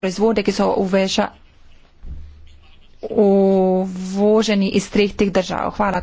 proizvode, ki so uveža, uvoženi iz treh teh držav. Hvala.